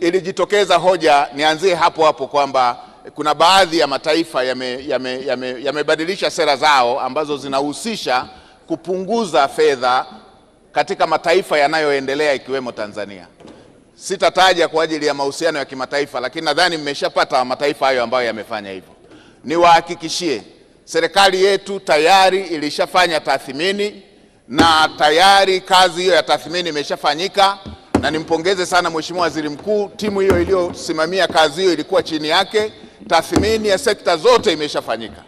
ilijitokeza hoja, nianzie hapo hapo kwamba kuna baadhi ya mataifa yamebadilisha yame, yame, yame sera zao ambazo zinahusisha kupunguza fedha katika mataifa yanayoendelea ikiwemo Tanzania. Sitataja kwa ajili ya mahusiano ya kimataifa, lakini nadhani mmeshapata mataifa hayo ambayo yamefanya hivyo. Niwahakikishie serikali yetu tayari ilishafanya tathmini na tayari kazi hiyo ya tathmini imeshafanyika na nimpongeze sana Mheshimiwa Waziri Mkuu, timu hiyo iliyosimamia kazi hiyo ilikuwa chini yake. Tathmini ya sekta zote imeshafanyika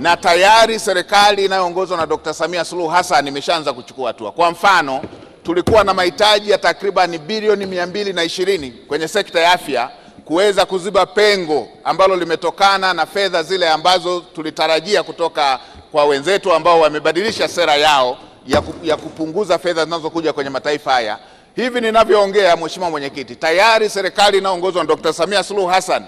na tayari serikali inayoongozwa na Dr. Samia Suluhu Hassan imeshaanza kuchukua hatua. Kwa mfano, tulikuwa na mahitaji ya takribani bilioni mia mbili na ishirini kwenye sekta ya afya kuweza kuziba pengo ambalo limetokana na fedha zile ambazo tulitarajia kutoka kwa wenzetu ambao wamebadilisha sera yao ya kupunguza fedha zinazokuja kwenye mataifa haya. Hivi ninavyoongea, Mheshimiwa Mwenyekiti, tayari serikali inayoongozwa na Dr. Samia Suluhu Hassan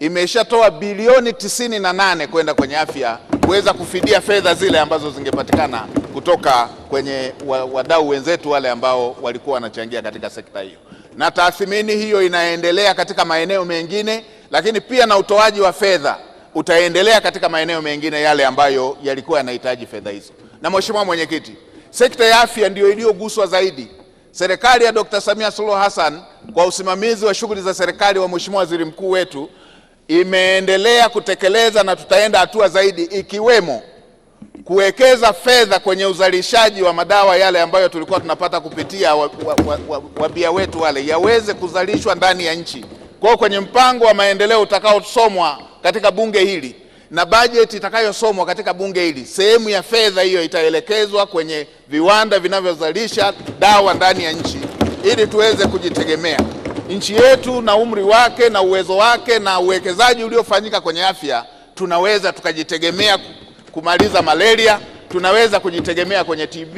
imeshatoa bilioni tisini na nane kwenda kwenye afya kuweza kufidia fedha zile ambazo zingepatikana kutoka kwenye wadau wenzetu wale ambao walikuwa wanachangia katika sekta hiyo, na tathmini hiyo inaendelea katika maeneo mengine, lakini pia na utoaji wa fedha utaendelea katika maeneo mengine yale ambayo yalikuwa yanahitaji fedha hizo. Na Mheshimiwa Mwenyekiti, sekta ya afya ndio iliyoguswa zaidi Serikali ya Dr. Samia Suluhu Hassan kwa usimamizi wa shughuli za serikali wa Mheshimiwa Waziri Mkuu wetu imeendelea kutekeleza na tutaenda hatua zaidi, ikiwemo kuwekeza fedha kwenye uzalishaji wa madawa yale ambayo tulikuwa tunapata kupitia wabia wa, wa, wa, wa wetu wale yaweze kuzalishwa ndani ya nchi. Kwa hiyo kwenye mpango wa maendeleo utakaosomwa katika bunge hili na bajeti itakayosomwa katika bunge hili, sehemu ya fedha hiyo itaelekezwa kwenye viwanda vinavyozalisha dawa ndani ya nchi ili tuweze kujitegemea. Nchi yetu na umri wake na uwezo wake na uwekezaji uliofanyika kwenye afya, tunaweza tukajitegemea kumaliza malaria, tunaweza kujitegemea kwenye TB,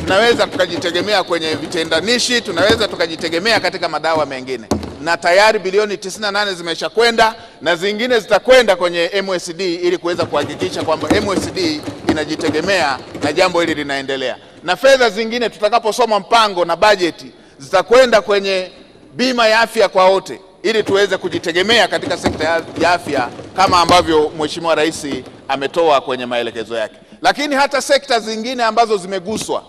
tunaweza tukajitegemea kwenye vitendanishi, tunaweza tukajitegemea katika madawa mengine na tayari bilioni 98 zimeshakwenda na zingine zitakwenda kwenye MSD ili kuweza kuhakikisha kwamba MSD inajitegemea na jambo hili linaendelea, na fedha zingine tutakaposoma mpango na bajeti zitakwenda kwenye bima ya afya kwa wote ili tuweze kujitegemea katika sekta ya afya kama ambavyo Mheshimiwa Rais ametoa kwenye maelekezo yake. Lakini hata sekta zingine ambazo zimeguswa,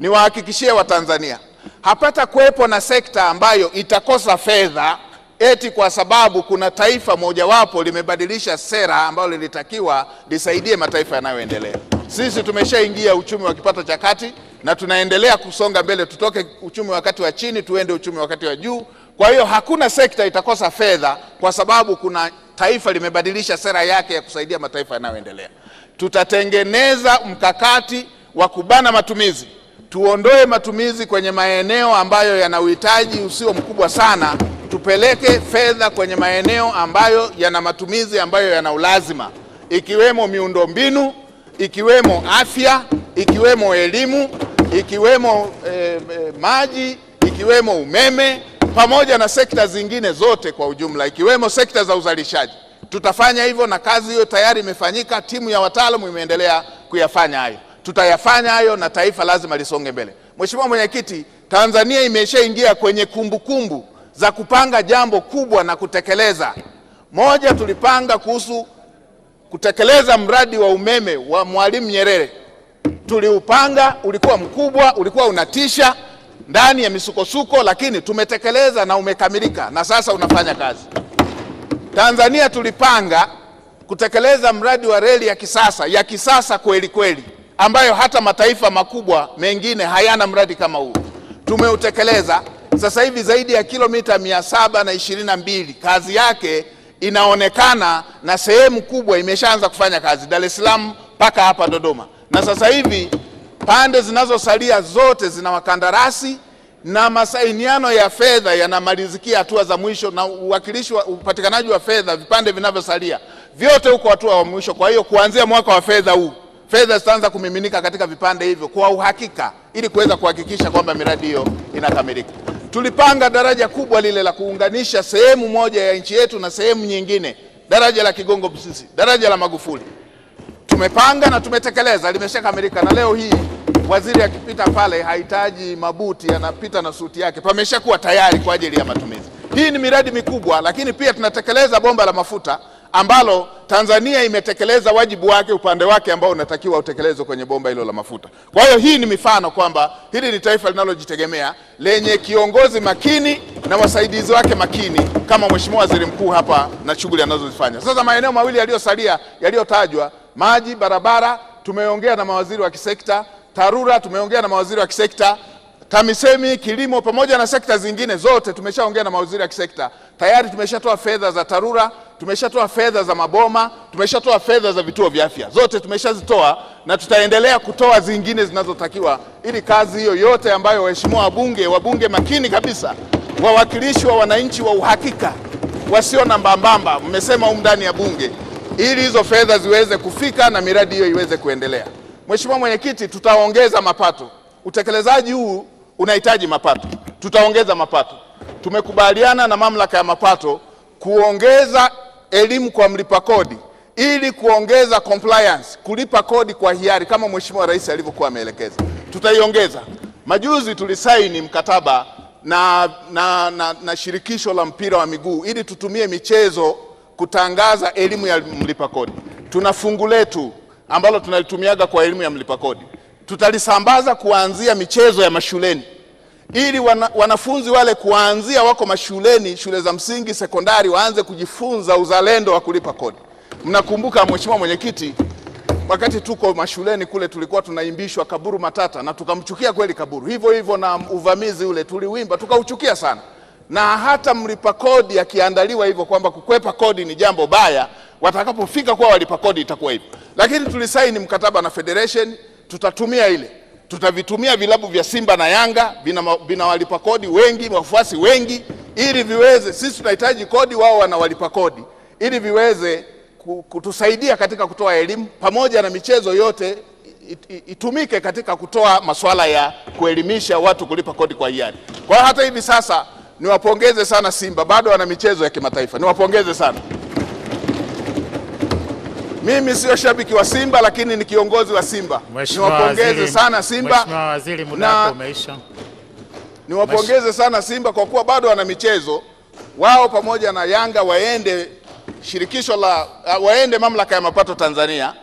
niwahakikishie Watanzania hapata kuwepo na sekta ambayo itakosa fedha eti kwa sababu kuna taifa mojawapo limebadilisha sera ambayo lilitakiwa lisaidie mataifa yanayoendelea. Sisi tumeshaingia uchumi wa kipato cha kati na tunaendelea kusonga mbele, tutoke uchumi wa kati wa chini tuende uchumi wa kati wa juu. Kwa hiyo hakuna sekta itakosa fedha kwa sababu kuna taifa limebadilisha sera yake ya kusaidia mataifa yanayoendelea. Tutatengeneza mkakati wa kubana matumizi tuondoe matumizi kwenye maeneo ambayo yana uhitaji usio mkubwa sana, tupeleke fedha kwenye maeneo ambayo yana matumizi ambayo yana ulazima, ikiwemo miundombinu, ikiwemo afya, ikiwemo elimu, ikiwemo eh, eh maji, ikiwemo umeme, pamoja na sekta zingine zote kwa ujumla, ikiwemo sekta za uzalishaji. Tutafanya hivyo na kazi hiyo tayari imefanyika, timu ya wataalamu imeendelea kuyafanya hayo tutayafanya hayo na taifa lazima lisonge mbele. Mheshimiwa Mwenyekiti, Tanzania imeshaingia kwenye kumbukumbu kumbu za kupanga jambo kubwa na kutekeleza. Moja, tulipanga kuhusu kutekeleza mradi wa umeme wa Mwalimu Nyerere. Tuliupanga, ulikuwa mkubwa, ulikuwa unatisha ndani ya misukosuko, lakini tumetekeleza na umekamilika na sasa unafanya kazi. Tanzania tulipanga kutekeleza mradi wa reli ya kisasa ya kisasa kweli kweli ambayo hata mataifa makubwa mengine hayana mradi kama huu. Tumeutekeleza sasa hivi zaidi ya kilomita mia saba na ishirini na mbili. Kazi yake inaonekana na sehemu kubwa imeshaanza kufanya kazi, Dar es Salaam mpaka hapa Dodoma, na sasa hivi pande zinazosalia zote zina wakandarasi na masainiano ya fedha yanamalizikia hatua za mwisho na uwakilishi wa upatikanaji wa fedha, vipande vinavyosalia vyote huko hatua wa mwisho. Kwa hiyo kuanzia mwaka wa fedha huu fedha zitaanza kumiminika katika vipande hivyo kwa uhakika, ili kuweza kuhakikisha kwamba miradi hiyo inakamilika. Tulipanga daraja kubwa lile la kuunganisha sehemu moja ya nchi yetu na sehemu nyingine, daraja la Kigongo Busisi, daraja la Magufuli. Tumepanga na tumetekeleza, limeshakamilika, na leo hii waziri akipita pale hahitaji mabuti, anapita na suti yake, pameshakuwa tayari kwa ajili ya matumizi. Hii ni miradi mikubwa, lakini pia tunatekeleza bomba la mafuta ambalo Tanzania imetekeleza wajibu wake upande wake ambao unatakiwa utekelezwe kwenye bomba hilo la mafuta. Kwa hiyo hii ni mifano kwamba hili ni taifa linalojitegemea lenye kiongozi makini na wasaidizi wake makini kama Mheshimiwa Waziri Mkuu hapa na shughuli anazozifanya. Sasa maeneo mawili yaliyosalia yaliyotajwa, maji, barabara, tumeongea na mawaziri wa kisekta, TARURA tumeongea na mawaziri wa kisekta TAMISEMI, kilimo, pamoja na sekta zingine zote tumeshaongea na mawaziri wa kisekta tayari. Tumeshatoa fedha za TARURA tumeshatoa fedha za maboma, tumeshatoa fedha za vituo vya afya, zote tumeshazitoa na tutaendelea kutoa zingine zinazotakiwa, ili kazi hiyo yote ambayo waheshimiwa wabunge, wabunge makini kabisa, wawakilishi wa wananchi wa uhakika, wasio na mbambamba, mmesema humu ndani ya Bunge, ili hizo fedha ziweze kufika na miradi hiyo iweze kuendelea. Mheshimiwa Mwenyekiti, tutaongeza mapato. Utekelezaji huu unahitaji mapato, tutaongeza mapato. Tumekubaliana na mamlaka ya mapato kuongeza elimu kwa mlipa kodi ili kuongeza compliance, kulipa kodi kwa hiari kama Mheshimiwa Rais alivyokuwa ameelekeza, tutaiongeza. Majuzi tulisaini mkataba na, na, na, na shirikisho la mpira wa miguu ili tutumie michezo kutangaza elimu ya mlipa kodi. Tuna fungu letu ambalo tunalitumiaga kwa elimu ya mlipa kodi, tutalisambaza kuanzia michezo ya mashuleni ili wana, wanafunzi wale kuanzia wako mashuleni, shule za msingi, sekondari, waanze kujifunza uzalendo wa kulipa kodi. Mnakumbuka Mheshimiwa Mwenyekiti, wakati tuko mashuleni kule tulikuwa tunaimbishwa kaburu matata, na tukamchukia kweli kaburu. Hivyo hivyo na uvamizi ule tuliwimba, tukauchukia sana, na hata mlipa kodi akiandaliwa hivyo kwamba kukwepa kodi ni jambo baya, watakapofika kuwa walipa kodi itakuwa hivyo. Lakini tulisaini mkataba na federation, tutatumia ile tutavitumia vilabu vya Simba na Yanga vina, walipa kodi wengi, wafuasi wengi, ili viweze, sisi tunahitaji kodi, wao wanawalipa kodi, ili viweze kutusaidia katika kutoa elimu pamoja na michezo yote itumike katika kutoa masuala ya kuelimisha watu kulipa kodi kwa hiari. Kwa hiyo hata hivi sasa niwapongeze sana Simba, bado wana michezo ya kimataifa, niwapongeze sana. Mimi sio shabiki wa Simba lakini ni kiongozi wa Simba. Niwapongeze sana Simba. Mheshimiwa Waziri, muda wako umeisha. Niwapongeze sana Simba kwa kuwa bado wana michezo wao pamoja na Yanga waende shirikisho la uh, waende mamlaka ya mapato Tanzania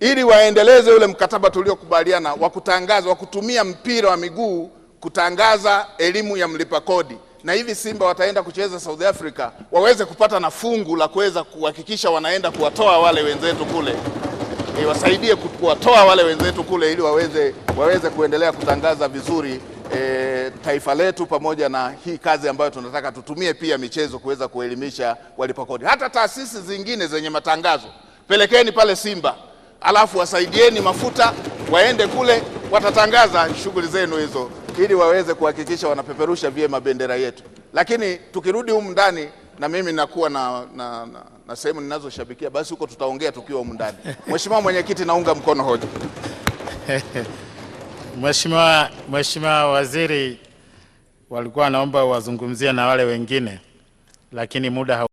ili waendeleze ule mkataba tuliokubaliana wa kutangaza wa kutumia mpira wa miguu kutangaza elimu ya mlipa kodi na hivi Simba wataenda kucheza South Africa waweze kupata na fungu la kuweza kuhakikisha wanaenda kuwatoa wale wenzetu kule e, wasaidie kuwatoa wale wenzetu kule ili waweze, waweze kuendelea kutangaza vizuri e, taifa letu pamoja na hii kazi ambayo tunataka tutumie pia michezo kuweza kuelimisha walipokodi Hata taasisi zingine zenye matangazo pelekeni pale Simba, alafu wasaidieni mafuta waende kule, watatangaza shughuli zenu hizo ili waweze kuhakikisha wanapeperusha vyema bendera yetu. Lakini tukirudi humu ndani, na mimi nakuwa na, na, na, na sehemu ninazoshabikia, basi huko tutaongea tukiwa humu ndani. Mheshimiwa Mwenyekiti, naunga mkono hoja. Mheshimiwa Mheshimiwa Waziri walikuwa naomba wazungumzie na wale wengine, lakini muda